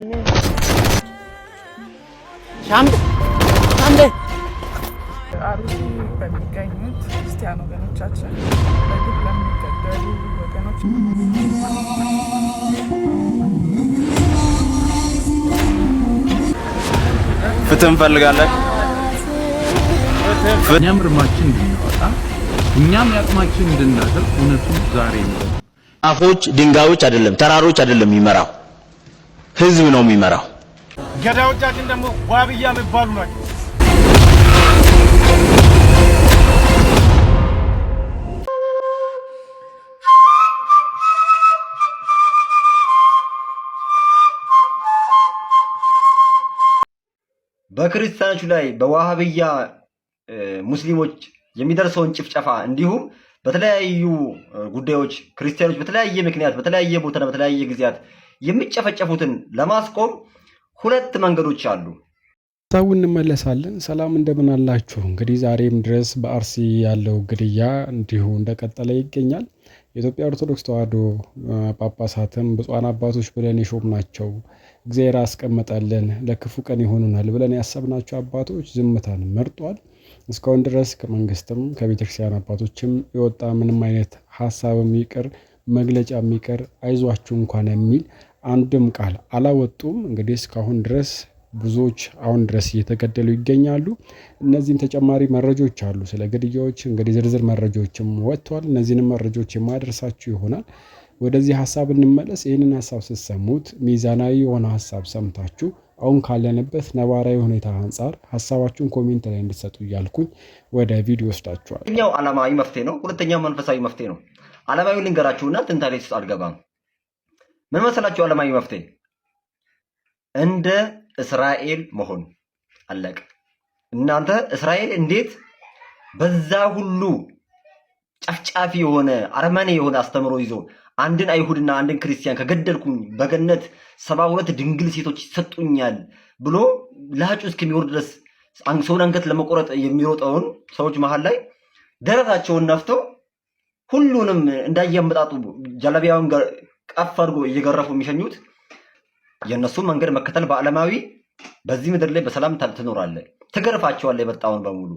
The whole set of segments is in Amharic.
አርሲ በሚገኙት ክርስቲያን ወገኖቻችን በግፍ ለሚገደሉ ወገኖች ፍትህ እንፈልጋለን። እኛም እርማችን እንድናወጣ እኛም ያቅማችን እንድናደርግ እውነቱ ዛሬ ነው። ዛፎች ድንጋዮች አይደለም፣ ተራሮች አይደለም የሚመራው ህዝብ ነው የሚመራው። ገዳዮቻችን ደግሞ ዋብያ የሚባሉ ናቸው። በክርስቲያኖች ላይ በዋሃብያ ሙስሊሞች የሚደርሰውን ጭፍጨፋ እንዲሁም በተለያዩ ጉዳዮች ክርስቲያኖች በተለያየ ምክንያት በተለያየ ቦታና በተለያየ ጊዜያት የሚጨፈጨፉትን ለማስቆም ሁለት መንገዶች አሉ። ታው እንመለሳለን። ሰላም እንደምን አላችሁ? እንግዲህ ዛሬም ድረስ በአርሲ ያለው ግድያ እንዲሁ እንደቀጠለ ይገኛል። የኢትዮጵያ ኦርቶዶክስ ተዋሕዶ ጳጳሳትም ብፁዓን አባቶች ብለን የሾም ናቸው እግዚአብሔር አስቀመጠልን ለክፉ ቀን ይሆኑናል ብለን ያሰብናቸው አባቶች ዝምታን መርጧል። እስካሁን ድረስ ከመንግስትም ከቤተክርስቲያን አባቶችም የወጣ ምንም አይነት ሀሳብም ይቅር መግለጫም ይቅር አይዟችሁ እንኳን የሚል አንድም ቃል አላወጡም። እንግዲህ እስካሁን ድረስ ብዙዎች አሁን ድረስ እየተገደሉ ይገኛሉ። እነዚህም ተጨማሪ መረጃዎች አሉ ስለ ግድያዎች እንግዲህ ዝርዝር መረጃዎችም ወጥተዋል። እነዚህንም መረጃዎች የማደርሳችሁ ይሆናል። ወደዚህ ሀሳብ እንመለስ። ይህንን ሀሳብ ስትሰሙት ሚዛናዊ የሆነ ሀሳብ ሰምታችሁ አሁን ካለንበት ነባራዊ ሁኔታ አንጻር ሀሳባችሁን ኮሜንት ላይ እንድትሰጡ እያልኩኝ ወደ ቪዲዮ ወስዳችኋል። ኛው ዓለማዊ መፍትሄ ነው፣ ሁለተኛው መንፈሳዊ መፍትሄ ነው። ዓለማዊ ልንገራችሁና ትንታኔ ውስጥ አልገባም። ምን መሰላችሁ? ዓለማዊ መፍትሄ እንደ እስራኤል መሆን አለቅ። እናንተ እስራኤል እንዴት በዛ ሁሉ ጨፍጫፊ የሆነ አረመኔ የሆነ አስተምሮ ይዞ አንድን አይሁድና አንድን ክርስቲያን ከገደልኩኝ በገነት ሰባ ሁለት ድንግል ሴቶች ይሰጡኛል ብሎ ላጩ እስከሚወርድ ድረስ ሰውን አንገት ለመቆረጥ የሚሮጠውን ሰዎች መሀል ላይ ደረታቸውን ነፍተው ሁሉንም እንዳያመጣጡ ጀለቢያውን ቀፍ አድርጎ እየገረፉ የሚሸኙት የእነሱ መንገድ መከተል በዓለማዊ በዚህ ምድር ላይ በሰላም ትኖራለህ፣ ትገርፋቸዋለህ የመጣውን በሙሉ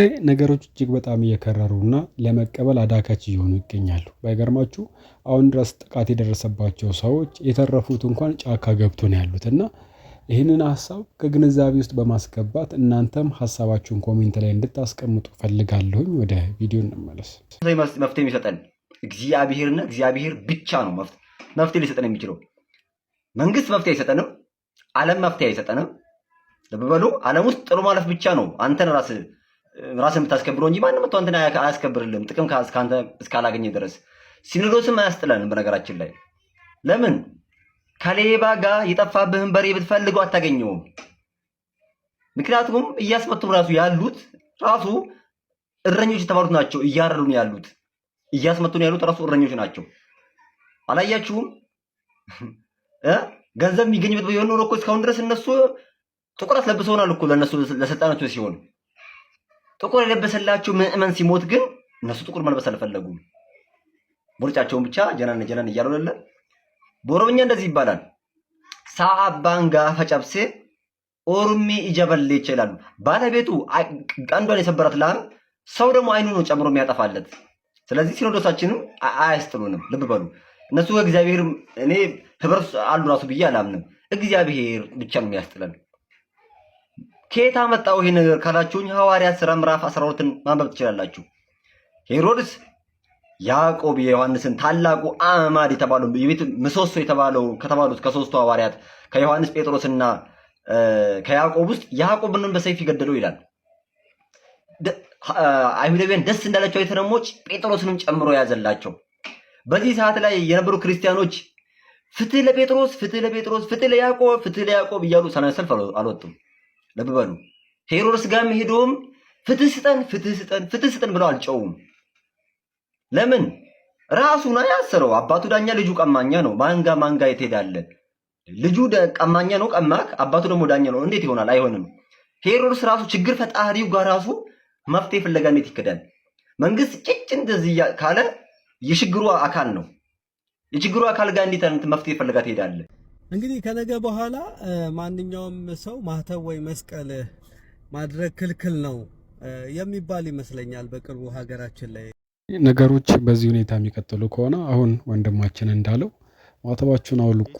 ላይ ነገሮች እጅግ በጣም እየከረሩና ለመቀበል አዳጋች እየሆኑ ይገኛሉ። ባይገርማችሁ አሁን ድረስ ጥቃት የደረሰባቸው ሰዎች የተረፉት እንኳን ጫካ ገብቶ ነው ያሉት እና ይህንን ሀሳብ ከግንዛቤ ውስጥ በማስገባት እናንተም ሀሳባችሁን ኮሜንት ላይ እንድታስቀምጡ ፈልጋለሁኝ። ወደ ቪዲዮ እንመለስ። መፍትሄ የሚሰጠን እግዚአብሔርና እግዚአብሔር ብቻ ነው መፍትሄ ሊሰጠን የሚችለው። መንግስት መፍትሄ አይሰጠንም። ዓለም መፍትሄ አይሰጠንም። በበሉ ዓለም ውስጥ ጥሎ ማለፍ ብቻ ነው አንተን ራስህ ራስን የምታስከብረው እንጂ ማንም መቶ አንተን አያስከብርልም፣ ጥቅም ከአንተ እስካላገኘ ድረስ። ሲኖዶስም አያስጥለንም በነገራችን ላይ ለምን ከሌባ ጋር የጠፋብህን በሬ ብትፈልገው አታገኘውም። ምክንያቱም እያስመቱ ራሱ ያሉት ራሱ እረኞች የተባሉት ናቸው። እያረሉ ያሉት እያስመቱ ያሉት ራሱ እረኞች ናቸው። አላያችሁም? ገንዘብ የሚገኝበት የሆነ ኖሮ እኮ እስካሁን ድረስ እነሱ ጥቁር አስለብሰውናል እኮ ለእነሱ ለስልጣናቸው ሲሆን ጥቁር የለበሰላቸው ምዕመን ሲሞት ግን እነሱ ጥቁር መልበስ አልፈለጉም። ቦርጫቸውን ብቻ ጀናን ጀናን እያሉለለ። በኦሮምኛ እንደዚህ ይባላል፣ ሳአባን ጋፈ ጨብሴ ኦርሚ ይጀበል ይችላሉ። ባለቤቱ ቀንዷን የሰበራት ላም ሰው ደግሞ አይኑ ነው ጨምሮ የሚያጠፋለት። ስለዚህ ሲኖዶሳችንም አያስጥሉንም። ልብ በሉ እነሱ እግዚአብሔር እኔ ህብረት አሉ ራሱ ብዬ አላምንም። እግዚአብሔር ብቻ ነው የሚያስጥለን። ከየት አመጣው ይሄ ነገር ካላችሁኝ ሐዋርያት ሥራ ምዕራፍ 12ን ማንበብ ትችላላችሁ። ሄሮድስ ያዕቆብ የዮሐንስን ታላቁ አማድ የተባለው የቤት ምሰሶ የተባለው ከተባሉት ከሶስቱ ሐዋርያት ከዮሐንስ ጴጥሮስና ከያዕቆብ ውስጥ ያዕቆብንም በሰይፍ ይገደለው ይላል። አይሁዳውያን ደስ እንዳላቸው የተረሞች ጴጥሮስንም ጨምሮ የያዘላቸው። በዚህ ሰዓት ላይ የነበሩ ክርስቲያኖች ፍትህ ለጴጥሮስ፣ ፍትህ ለጴጥሮስ፣ ፍትህ ለያዕቆብ፣ ፍትህ ለያዕቆብ እያሉ ሰላማዊ ሰልፍ አልወጡም። ለብበሉ ሄሮድስ ጋር ሄዶም ፍትህ ስጠን፣ ፍትህ ስጠን፣ ፍትህ ስጠን ብለው አልጨውም። ለምን ራሱ ነው ያሰረው። አባቱ ዳኛ፣ ልጁ ቀማኛ ነው። ማንጋ ማንጋ የትሄዳለን? ልጁ ቀማኛ ነው፣ ቀማክ። አባቱ ደግሞ ዳኛ ነው። እንዴት ይሆናል? አይሆንም። ሄሮድስ ራሱ ችግር ፈጣሪው ጋር ራሱ መፍትሄ ፍለጋ እንዴት ይክዳል? መንግስት ጭጭ እንደዚህ ካለ የችግሩ አካል ነው። የችግሩ አካል ጋር እንዴት መፍትሄ ፍለጋ ትሄዳለህ? እንግዲህ ከነገ በኋላ ማንኛውም ሰው ማህተብ ወይ መስቀል ማድረግ ክልክል ነው የሚባል ይመስለኛል በቅርቡ ሀገራችን ላይ ነገሮች በዚህ ሁኔታ የሚቀጥሉ ከሆነ አሁን ወንድማችን እንዳለው ማተባችሁን አውልቁ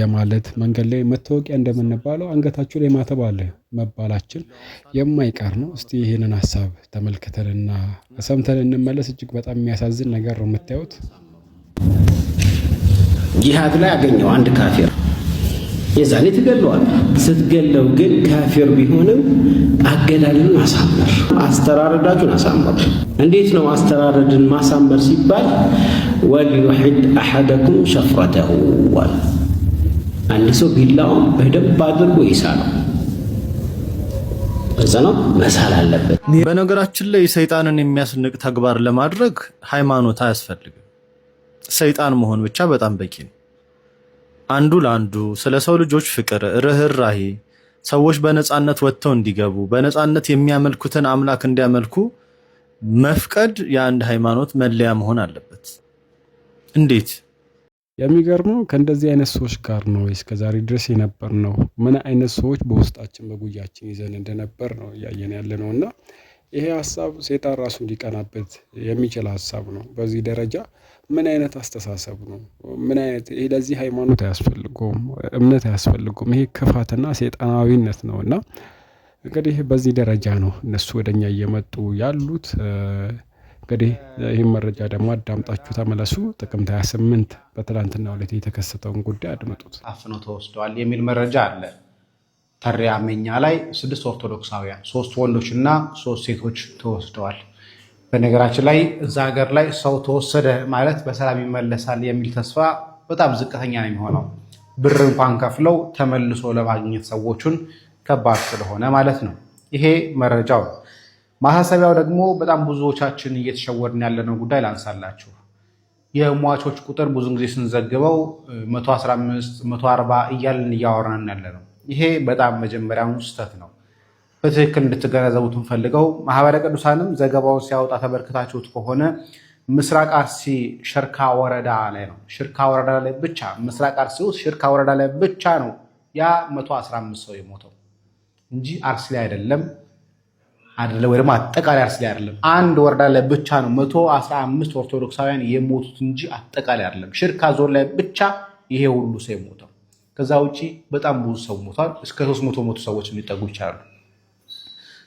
የማለት መንገድ ላይ መታወቂያ እንደምንባለው አንገታችሁ ላይ ማተብ አለ መባላችን የማይቀር ነው። እስቲ ይህንን ሀሳብ ተመልክተንና ሰምተን እንመለስ። እጅግ በጣም የሚያሳዝን ነገር ነው የምታዩት። ጂሃድ ላይ አገኘው አንድ ካፊር የዛኔ ትገለዋል። ስትገለው ግን ካፊር ቢሆንም አገዳደሉን አሳምር፣ አስተራረዳችሁን አሳምር። እንዴት ነው አስተራረድን ማሳመር ሲባል ወልዩሒድ አሐደኩም ሸፍረተሁ ዋል አንድ ሰው ቢላውም በደንብ አድርጎ ይሳለው። እዛ ነው መሳል አለበት። በነገራችን ላይ ሰይጣንን የሚያስንቅ ተግባር ለማድረግ ሃይማኖት አያስፈልግም። ሰይጣን መሆን ብቻ በጣም በቂ ነው። አንዱ ለአንዱ ስለ ሰው ልጆች ፍቅር፣ ርህራሄ ሰዎች በነፃነት ወጥተው እንዲገቡ በነፃነት የሚያመልኩትን አምላክ እንዲያመልኩ መፍቀድ የአንድ ሃይማኖት መለያ መሆን አለበት። እንዴት የሚገርመው ከእንደዚህ አይነት ሰዎች ጋር ነው እስከዛሬ ድረስ የነበር ነው። ምን አይነት ሰዎች በውስጣችን በጉያችን ይዘን እንደነበር ነው እያየን ያለ ነው። እና ይሄ ሀሳብ ሴጣን ራሱ እንዲቀናበት የሚችል ሀሳብ ነው በዚህ ደረጃ ምን አይነት አስተሳሰብ ነው? ምን አይነት ይሄ ለዚህ ሃይማኖት አያስፈልገውም፣ እምነት አያስፈልገውም። ይሄ ክፋትና ሴጣናዊነት ነው። እና እንግዲህ በዚህ ደረጃ ነው እነሱ ወደኛ እየመጡ ያሉት። እንግዲህ ይህም መረጃ ደግሞ አዳምጣችሁ ተመለሱ። ጥቅምት 28 በትላንትና ዕለት የተከሰተውን ጉዳይ አድምጡት። አፍኖ ተወስደዋል የሚል መረጃ አለ። መኛ ላይ ስድስት ኦርቶዶክሳውያን ሶስት ወንዶችና ሶስት ሴቶች ተወስደዋል። በነገራችን ላይ እዛ ሀገር ላይ ሰው ተወሰደ ማለት በሰላም ይመለሳል የሚል ተስፋ በጣም ዝቅተኛ ነው የሚሆነው። ብር እንኳን ከፍለው ተመልሶ ለማግኘት ሰዎቹን ከባድ ስለሆነ ማለት ነው። ይሄ መረጃው። ማሳሰቢያው ደግሞ በጣም ብዙዎቻችን እየተሸወድን ያለነው ጉዳይ ላንሳላችሁ። የሟቾች ቁጥር ብዙን ጊዜ ስንዘግበው 115 140 እያልን እያወራን ያለ ነው። ይሄ በጣም መጀመሪያውን ስህተት ነው። በትክክል እንድትገነዘቡት እንፈልገው። ማህበረ ቅዱሳንም ዘገባውን ሲያወጣ ተመልክታችሁት ከሆነ ምስራቅ አርሲ ሽርካ ወረዳ ላይ ነው። ሽርካ ወረዳ ላይ ብቻ ምስራቅ አርሲ ውስጥ ሽርካ ወረዳ ላይ ብቻ ነው ያ 115 ሰው የሞተው እንጂ አርሲ ላይ አይደለም አይደለም ወይ ደግሞ አጠቃላይ አርሲ ላይ አይደለም። አንድ ወረዳ ላይ ብቻ ነው 115 ኦርቶዶክሳውያን የሞቱት እንጂ አጠቃላይ አይደለም። ሽርካ ዞን ላይ ብቻ ይሄ ሁሉ ሰው የሞተው። ከዛ ውጪ በጣም ብዙ ሰው ሞቷል። እስከ 300 ሞቱ ሰዎች የሚጠጉ ይቻላሉ።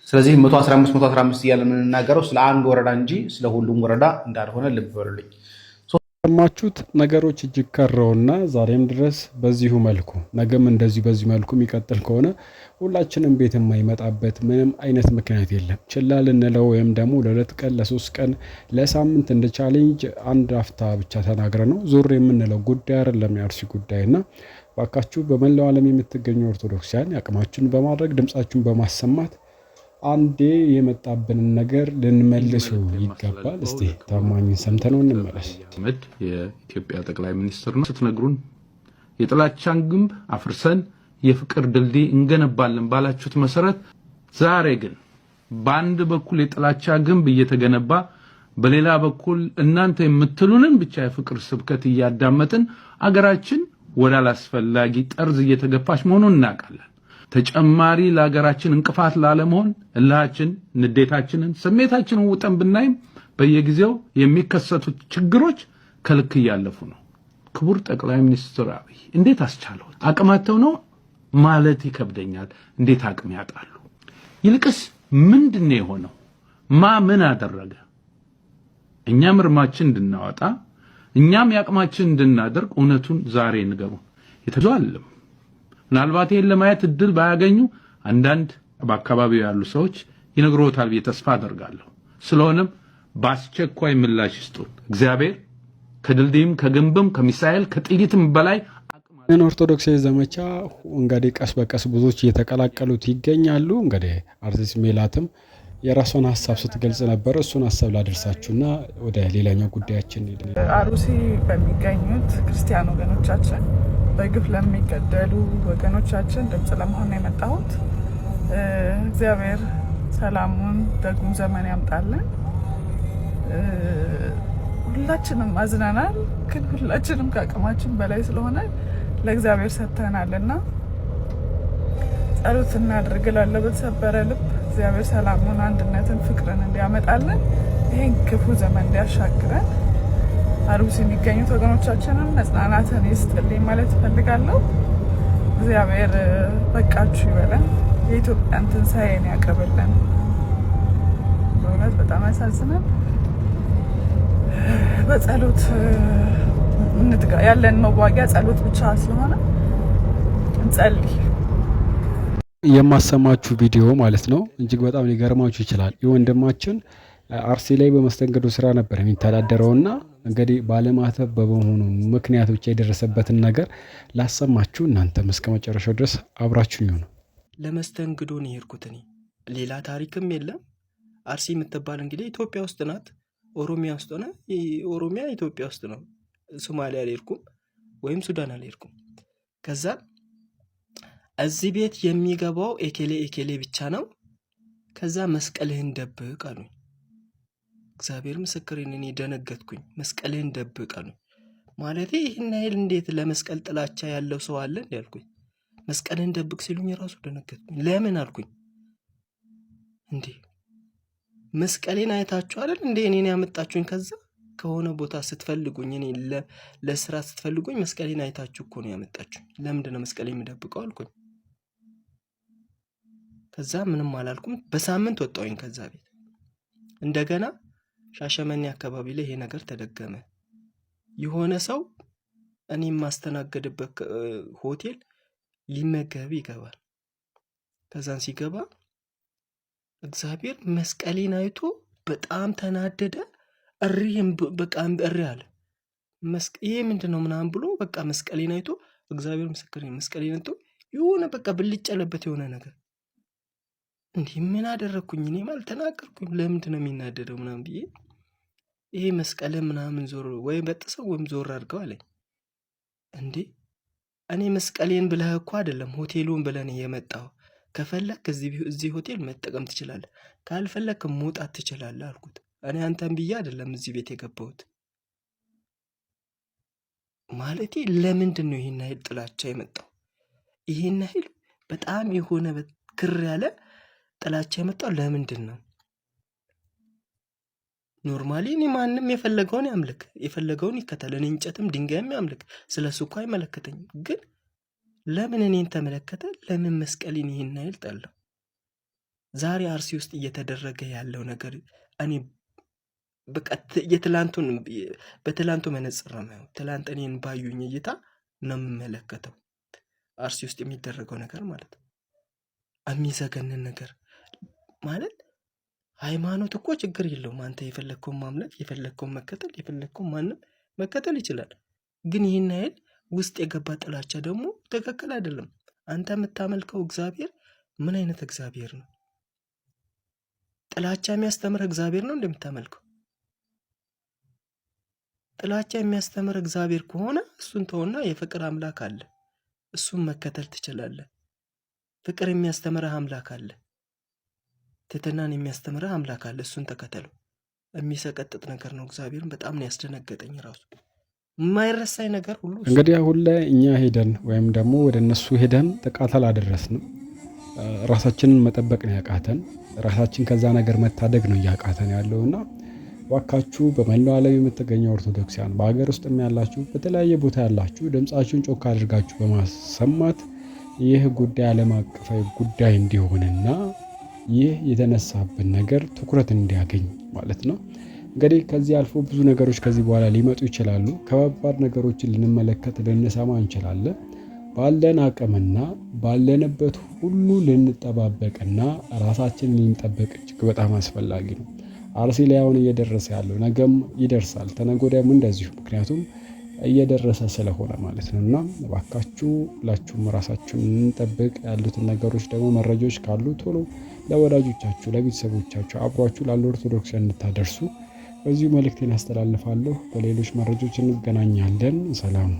ስለዚህ 115 115 እያለ የምንናገረው ስለ አንድ ወረዳ እንጂ ስለ ሁሉም ወረዳ እንዳልሆነ ልብ በሉልኝ። ሰማችሁት። ነገሮች እጅግ ከረውና ዛሬም ድረስ በዚሁ መልኩ ነገም እንደዚሁ በዚህ መልኩ የሚቀጥል ከሆነ ሁላችንም ቤት የማይመጣበት ምንም አይነት ምክንያት የለም። ችላ ልንለው ወይም ደግሞ ለሁለት ቀን ለሶስት ቀን ለሳምንት እንደ ቻሌንጅ አንድ አፍታ ብቻ ተናግረ ነው ዞር የምንለው ጉዳይ አይደለም። የአርሲ ጉዳይና ባካችሁ በመላው ዓለም የምትገኙ ኦርቶዶክሳውያን አቅማችሁን በማድረግ ድምፃችሁን በማሰማት አንዴ የመጣብንን ነገር ልንመልሰው ይገባል። እስቲ ታማኝን ሰምተነው እንመለስ። መድ የኢትዮጵያ ጠቅላይ ሚኒስትር ነው ስትነግሩን የጥላቻን ግንብ አፍርሰን የፍቅር ድልድይ እንገነባለን ባላችሁት መሰረት ዛሬ ግን በአንድ በኩል የጥላቻ ግንብ እየተገነባ በሌላ በኩል እናንተ የምትሉንን ብቻ የፍቅር ስብከት እያዳመጥን አገራችን ወደ አላስፈላጊ ጠርዝ እየተገፋች መሆኑን እናውቃለን። ተጨማሪ ለሀገራችን እንቅፋት ላለመሆን እልሃችን፣ ንዴታችንን፣ ስሜታችንን ውጠን ብናይም በየጊዜው የሚከሰቱት ችግሮች ከልክ እያለፉ ነው። ክቡር ጠቅላይ ሚኒስትር አብይ እንዴት አስቻለሁት? አቅማቸው ነው ማለት ይከብደኛል። እንዴት አቅም ያጣሉ? ይልቅስ ምንድን ነው የሆነው? ማ ምን አደረገ? እኛም እርማችን እንድናወጣ እኛም የአቅማችን እንድናደርግ እውነቱን ዛሬ ንገሩን። የተዟልም ምናልባት ይህን ለማየት እድል ባያገኙ አንዳንድ በአካባቢው ያሉ ሰዎች ይነግሮታል ብዬ ተስፋ አደርጋለሁ። ስለሆነም በአስቸኳይ ምላሽ ይስጡን። እግዚአብሔር ከድልድይም ከግንብም ከሚሳኤል ከጥይትም በላይ ይህን ኦርቶዶክስ ዘመቻ እንግዲህ ቀስ በቀስ ብዙዎች እየተቀላቀሉት ይገኛሉ። እንግዲህ አርቲስት ሜላትም የራሷን ሀሳብ ስትገልጽ ነበር። እሱን ሀሳብ ላደርሳችሁና ወደ ሌላኛው ጉዳያችን አሩሲ በሚገኙት ክርስቲያን ወገኖቻችን በግፍ ለሚገደሉ ወገኖቻችን ድምጽ ለመሆን ነው የመጣሁት። እግዚአብሔር ሰላሙን ደጉም ዘመን ያምጣልን። ሁላችንም አዝነናል፣ ግን ሁላችንም ከአቅማችን በላይ ስለሆነ ለእግዚአብሔር ሰጥተናል እና ጸሎት እናድርግ በተሰበረ ልብ እግዚአብሔር ሰላሙን፣ አንድነትን፣ ፍቅርን እንዲያመጣልን ይህን ክፉ ዘመን እንዲያሻግረን አርጉስ የሚገኙት ወገኖቻችንም መጽናናትን ይስጥልኝ ማለት እፈልጋለሁ። እግዚአብሔር በቃችሁ ይበለን። የኢትዮጵያን ትንሣኤን ያቀብልን በእውነት በጣም ያሳዝናል። በጸሎት እንትጋ ያለን መዋጊያ ጸሎት ብቻ ስለሆነ እንጸልይ። የማሰማችሁ ቪዲዮ ማለት ነው እጅግ በጣም ሊገርማችሁ ይችላል። የወንድማችን አርሲ ላይ በመስተንግዶ ስራ ነበር የሚተዳደረው ና እንግዲህ ባለማተብ በመሆኑ ምክንያት ብቻ የደረሰበትን ነገር ላሰማችሁ። እናንተም እስከ መጨረሻው ድረስ አብራችሁን ይሁኑ። ለመስተንግዶ ነው የሄድኩት እኔ ሌላ ታሪክም የለም። አርሲ የምትባል እንግዲህ ኢትዮጵያ ውስጥ ናት። ኦሮሚያ ውስጥ ሆነ ኦሮሚያ ኢትዮጵያ ውስጥ ነው። ሶማሊያ አልሄድኩም ወይም ሱዳን አልሄድኩም። ከዛ እዚህ ቤት የሚገባው ኤኬሌ ኤኬሌ ብቻ ነው። ከዛ መስቀልህን ደብቅ አሉኝ። እግዚአብሔር ምስክሬን እኔ ደነገጥኩኝ። መስቀሌን ደብቀ ነው ይህን ያህል እንዴት ለመስቀል ጥላቻ ያለው ሰው አለ እንዲ ያልኩኝ። መስቀልን ደብቅ ሲሉኝ ራሱ ደነገጥኩኝ። ለምን አልኩኝ። እንዴ መስቀሌን አይታችሁ አይደል እንዴ እኔን ያመጣችሁኝ? ከዛ ከሆነ ቦታ ስትፈልጉኝ፣ እኔ ለስራ ስትፈልጉኝ መስቀሌን አይታችሁ እኮ ነው ያመጣችሁኝ። ለምንድን ነው መስቀሌ የምደብቀው አልኩኝ። ከዛ ምንም አላልኩም። በሳምንት ወጣሁኝ ከዛ ቤት እንደገና ሻሸመኔ አካባቢ ላይ ይሄ ነገር ተደገመ። የሆነ ሰው እኔ የማስተናገድበት ሆቴል ሊመገብ ይገባል። ከዛን ሲገባ እግዚአብሔር መስቀሌን አይቶ በጣም ተናደደ። እሪም በቃ እሪ አለ። ይሄ ምንድን ነው ምናምን ብሎ በቃ መስቀሌን አይቶ እግዚአብሔር ምስክር መስቀሌን አይቶ የሆነ በቃ ብልጭ ያለበት የሆነ ነገር እንዲህ ምን አደረግኩኝ? እኔም አልተናገርኩም። ለምንድን ነው የሚናደደው ምናምን ብዬ ይሄ መስቀል ምናምን ዞር ወይም በጥሰው ወይም ዞር አድርገው አለኝ። እንዴ እኔ መስቀሌን ብለህ እኮ አይደለም ሆቴሉን ብለን የመጣው ከፈለክ እዚህ ሆቴል መጠቀም ትችላለህ፣ ካልፈለክ መውጣት ትችላለህ አልኩት። እኔ አንተን ብዬ አይደለም እዚህ ቤት የገባሁት ማለቴ። ለምንድን ነው ይህን ያህል ጥላቻ የመጣው? ይህን ያህል በጣም የሆነ ክር ያለ ጥላቻ የመጣው ለምንድን ነው? ኖርማሊ እኔ ማንም የፈለገውን ያምልክ የፈለገውን ይከተል፣ እኔ እንጨትም ድንጋይም ያምልክ፣ ስለ እሱ እኮ አይመለከተኝም። ግን ለምን እኔን ተመለከተ? ለምን መስቀልን ይህን ያህል ጣለው? ዛሬ አርሲ ውስጥ እየተደረገ ያለው ነገር እኔ በቃ የትላንቱን በትላንቱ መነጽር ነው። ትላንት እኔን ባዩኝ እይታ ነው የምመለከተው አርሲ ውስጥ የሚደረገው ነገር ማለት ነው። የሚዘገንን ነገር ማለት ሃይማኖት እኮ ችግር የለውም። አንተ የፈለግከውን ማምለክ የፈለግከውን መከተል የፈለግከውን ማንም መከተል ይችላል። ግን ይህን ያህል ውስጥ የገባ ጥላቻ ደግሞ ትክክል አይደለም። አንተ የምታመልከው እግዚአብሔር ምን አይነት እግዚአብሔር ነው? ጥላቻ የሚያስተምር እግዚአብሔር ነው እንደምታመልከው። ጥላቻ የሚያስተምር እግዚአብሔር ከሆነ እሱን ተውና የፍቅር አምላክ አለ፣ እሱን መከተል ትችላለህ። ፍቅር የሚያስተምርህ አምላክ አለ ትህትናን የሚያስተምርህ አምላክ አለ። እሱን ተከተሉ። የሚሰቀጥጥ ነገር ነው። እግዚአብሔርን በጣም ነው ያስደነገጠኝ ራሱ የማይረሳኝ ነገር ሁሉ። እንግዲህ አሁን ላይ እኛ ሄደን ወይም ደግሞ ወደ እነሱ ሄደን ጥቃት አላደረስንም። ራሳችንን መጠበቅ ነው ያቃተን። ራሳችን ከዛ ነገር መታደግ ነው እያቃተን ያለው እና ዋካችሁ በመላው ዓለም የምትገኘው ኦርቶዶክሲያን በሀገር ውስጥም ያላችሁ በተለያየ ቦታ ያላችሁ ድምፃችሁን ጮክ አድርጋችሁ በማሰማት ይህ ጉዳይ ዓለም አቀፋዊ ጉዳይ እንዲሆንና ይህ የተነሳብን ነገር ትኩረት እንዲያገኝ ማለት ነው። እንግዲህ ከዚህ አልፎ ብዙ ነገሮች ከዚህ በኋላ ሊመጡ ይችላሉ። ከባባድ ነገሮችን ልንመለከት ልንሰማ እንችላለን። ባለን አቅምና ባለንበት ሁሉ ልንጠባበቅና ራሳችን ልንጠበቅ እጅግ በጣም አስፈላጊ ነው። አርሲ ላይ አሁን እየደረሰ ያለው ነገም ይደርሳል፣ ተነገ ወዲያም እንደዚሁ ምክንያቱም እየደረሰ ስለሆነ ማለት ነው። እና እባካችሁ ሁላችሁም ራሳችሁን እንጠብቅ። ያሉትን ነገሮች ደግሞ መረጃዎች ካሉ ቶሎ ለወዳጆቻችሁ፣ ለቤተሰቦቻችሁ አብሯችሁ ላሉ ኦርቶዶክስ እንድታደርሱ በዚሁ መልእክቴን አስተላልፋለሁ። በሌሎች መረጃዎች እንገናኛለን። ሰላም